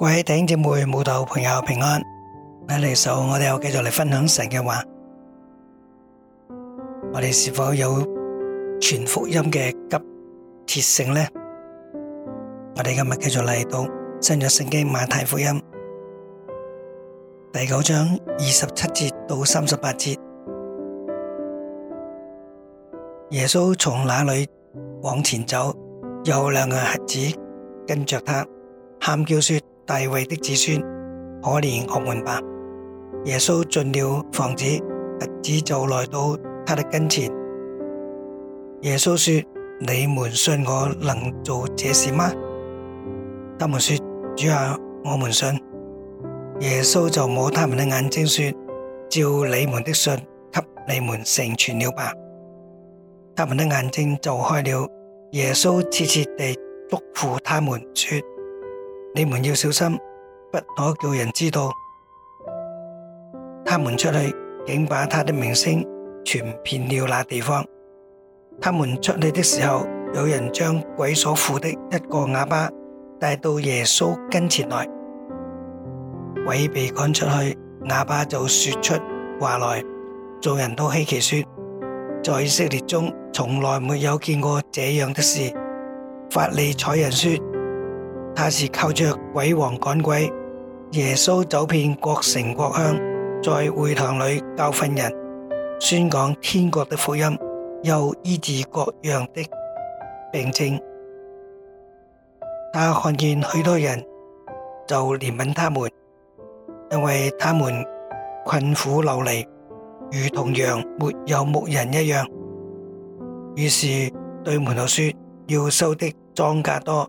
各位弟兄姊妹、慕道朋友平安，嚟嚟首，我哋又繼續嚟分享神嘅話。我哋是否有全福音嘅急切性呢？我哋今日繼續嚟到新約聖經馬太福音第九章二十七節到三十八節。耶穌從那裏往前走，有兩個孩子跟着他，喊叫說。大衛的子孫，可憐我們吧！耶穌進了房子，日子就來到他的跟前。耶穌說：你們信我能做這事嗎？他們說：主啊，我們信。耶穌就摸他們的眼睛說：照你們的信，給你們成全了吧。他們的眼睛就開了。耶穌切切地祝福他們說。你們要小心，不可叫人知道。他們出去，竟把他的名聲傳遍了那地方。他們出去的時候，有人將鬼所附的一個啞巴帶到耶穌跟前來。鬼被趕出去，啞巴就說出話來。眾人都稀奇說：在以色列中，從來沒有見過這樣的事。法利賽人說。他是靠着鬼王趕鬼，耶穌走遍各城各鄉，在會堂裏教訓人，宣講天國的福音，又醫治各樣的病症。他看見許多人就憐憫他們，因為他們困苦流離，如同羊沒有牧人一樣。於是對門徒說：要收的莊稼多。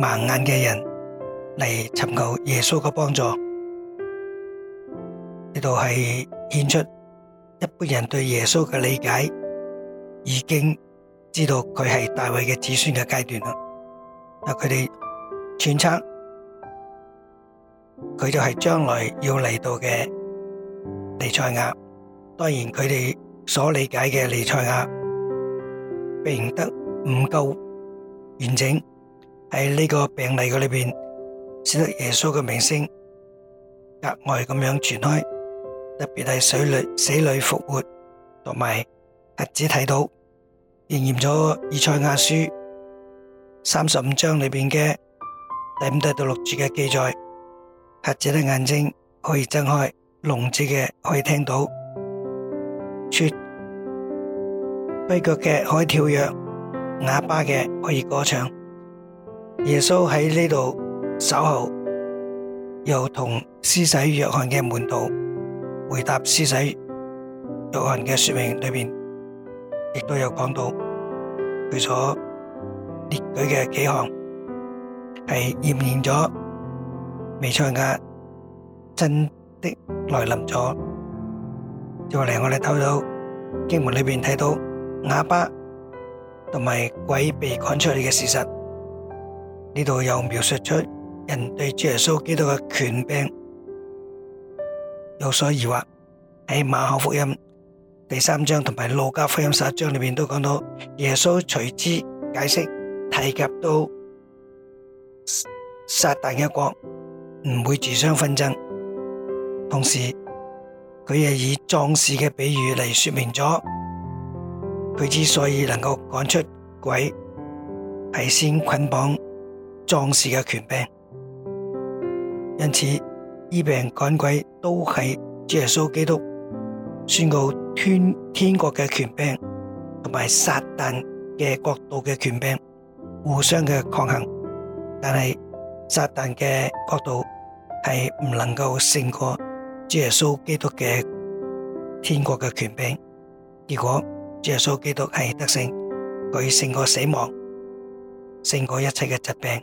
盲眼嘅人嚟尋求耶穌嘅幫助，呢度係顯出一般人對耶穌嘅理解，已經知道佢係大衛嘅子孫嘅階段啦。嗱，佢哋揣測，佢就係將來要嚟到嘅尼賽亞，當然佢哋所理解嘅尼賽亞，並唔得唔夠完整。喺呢個病例嘅裏邊，使得耶穌嘅名聲格外咁樣傳開，特別係水裏死裏復活，同埋瞎子睇到，應驗咗以賽亞書三十五章裏邊嘅第五第六節嘅記載，瞎子嘅眼睛可以睜開，聾子嘅可以聽到，瘸跛腳嘅可以跳躍，啞巴嘅可以歌唱。耶穌喺呢度守候，又同施洗約翰嘅門徒回答施洗約翰嘅說明裏邊，亦都有講到佢所列舉嘅幾項係驗證咗未出現嘅真的來臨咗。再嚟我哋睇到經文裏邊睇到啞巴同埋鬼被趕出嚟嘅事實。呢度又描述出人對耶穌基督嘅權柄有所疑惑。喺馬可福音第三章同埋路加福音十一章裏邊都講到，耶穌隨之解釋提及到撒旦嘅國唔會自相紛爭，同時佢亦以壯士嘅比喻嚟說明咗佢之所以能夠趕出鬼係先捆綁壯士嘅權柄，因此醫病趕鬼都係耶穌基督宣告天天國嘅權柄，同埋撒旦嘅國度嘅權柄互相嘅抗衡。但係撒旦嘅國度係唔能夠勝過耶穌基督嘅天國嘅權柄。結果耶穌基督係得勝，佢勝過死亡，勝過一切嘅疾病。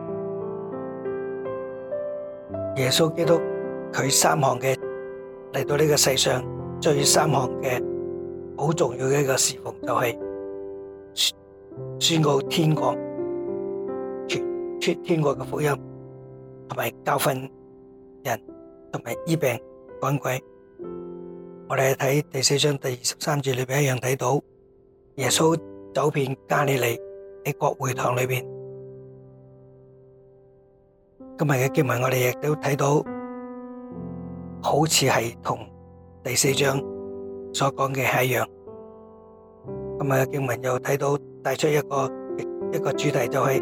耶穌基督佢三項嘅，嚟到呢個世上最三項嘅好重要嘅一個事奉就係宣告天國、傳出天國嘅福音，同埋教訓人，同埋醫病趕鬼。我哋喺睇第四章第二十三節裏面一樣睇到，耶穌走遍加利利喺各會堂裏面。今日嘅經文我哋亦都睇到，好似係同第四章所講嘅係一樣。今日嘅經文又睇到帶出一個一個主題，就係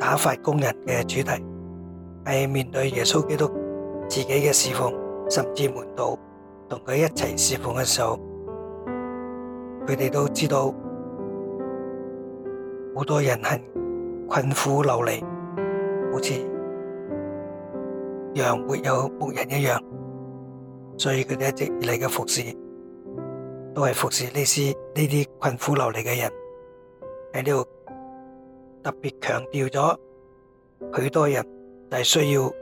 打發工人嘅主題。喺面對耶穌基督自己嘅侍奉，甚至門徒同佢一齊侍奉嘅時候，佢哋都知道好多人係困苦流離，好似。樣沒有牧人一樣，所以佢哋一直以嚟嘅服侍都係服侍呢啲呢啲困苦流離嘅人。喺呢度特別強調咗，許多人就係需要，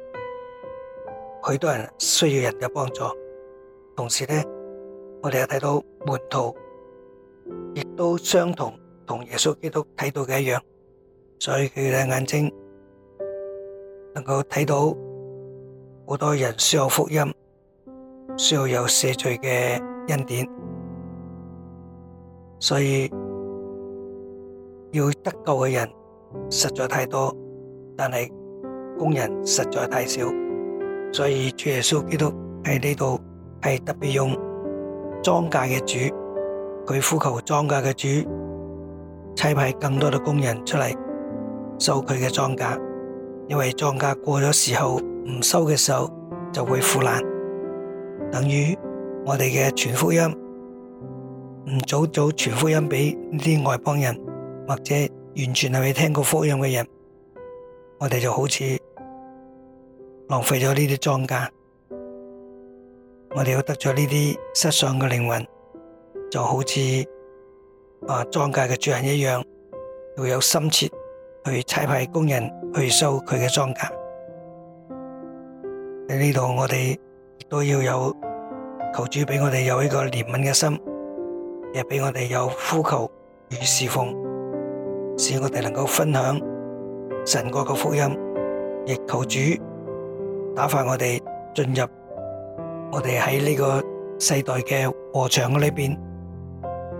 許多人需要人嘅幫助。同時呢，我哋又睇到門徒亦都相同，同耶穌基督睇到嘅一樣，所以佢哋嘅眼睛能夠睇到。好多人需要福音，需要有赦罪嘅恩典，所以要得救嘅人實在太多，但係工人實在太少，所以主耶穌基督喺呢度係特別用莊稼嘅主，佢呼求莊稼嘅主，差派更多嘅工人出嚟收佢嘅莊稼，因為莊稼過咗時候。唔收嘅時候就會腐爛，等於我哋嘅傳福音唔早早傳福音俾呢啲外邦人，或者完全係未聽過福音嘅人，我哋就好似浪費咗呢啲莊稼，我哋有得咗呢啲失喪嘅靈魂，就好似啊莊稼嘅主人一樣，又有心切去差派工人去收佢嘅莊稼。喺呢度，我哋都要有求主俾我哋有一個憐憫嘅心，亦俾我哋有呼求與侍奉，使我哋能夠分享神國嘅福音。亦求主打發我哋進入我哋喺呢個世代嘅禾場裏邊，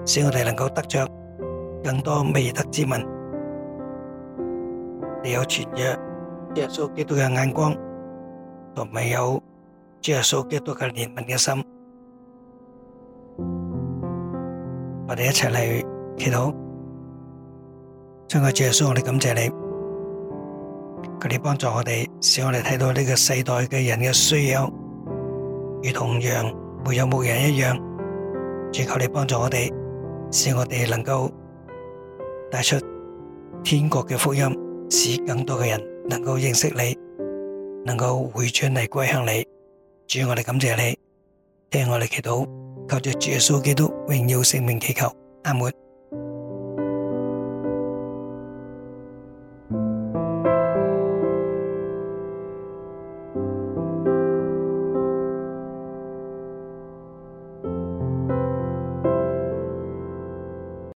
使我哋能夠得着更多未得之民。你有全約，耶穌基督嘅眼光。若未有主耶穌基督嘅憐憫嘅心，我哋一齊嚟祈禱。親愛嘅主耶穌，我哋感謝你，佢哋幫助我哋，使我哋睇到呢個世代嘅人嘅需要，如同羊沒有牧人一樣，祈求你幫助我哋，使我哋能夠帶出天國嘅福音，使更多嘅人能夠認識你。能夠回轉嚟，歸向你，主，我哋感謝你，聽我哋祈禱，靠着主耶穌基督榮耀聖名祈求，阿門。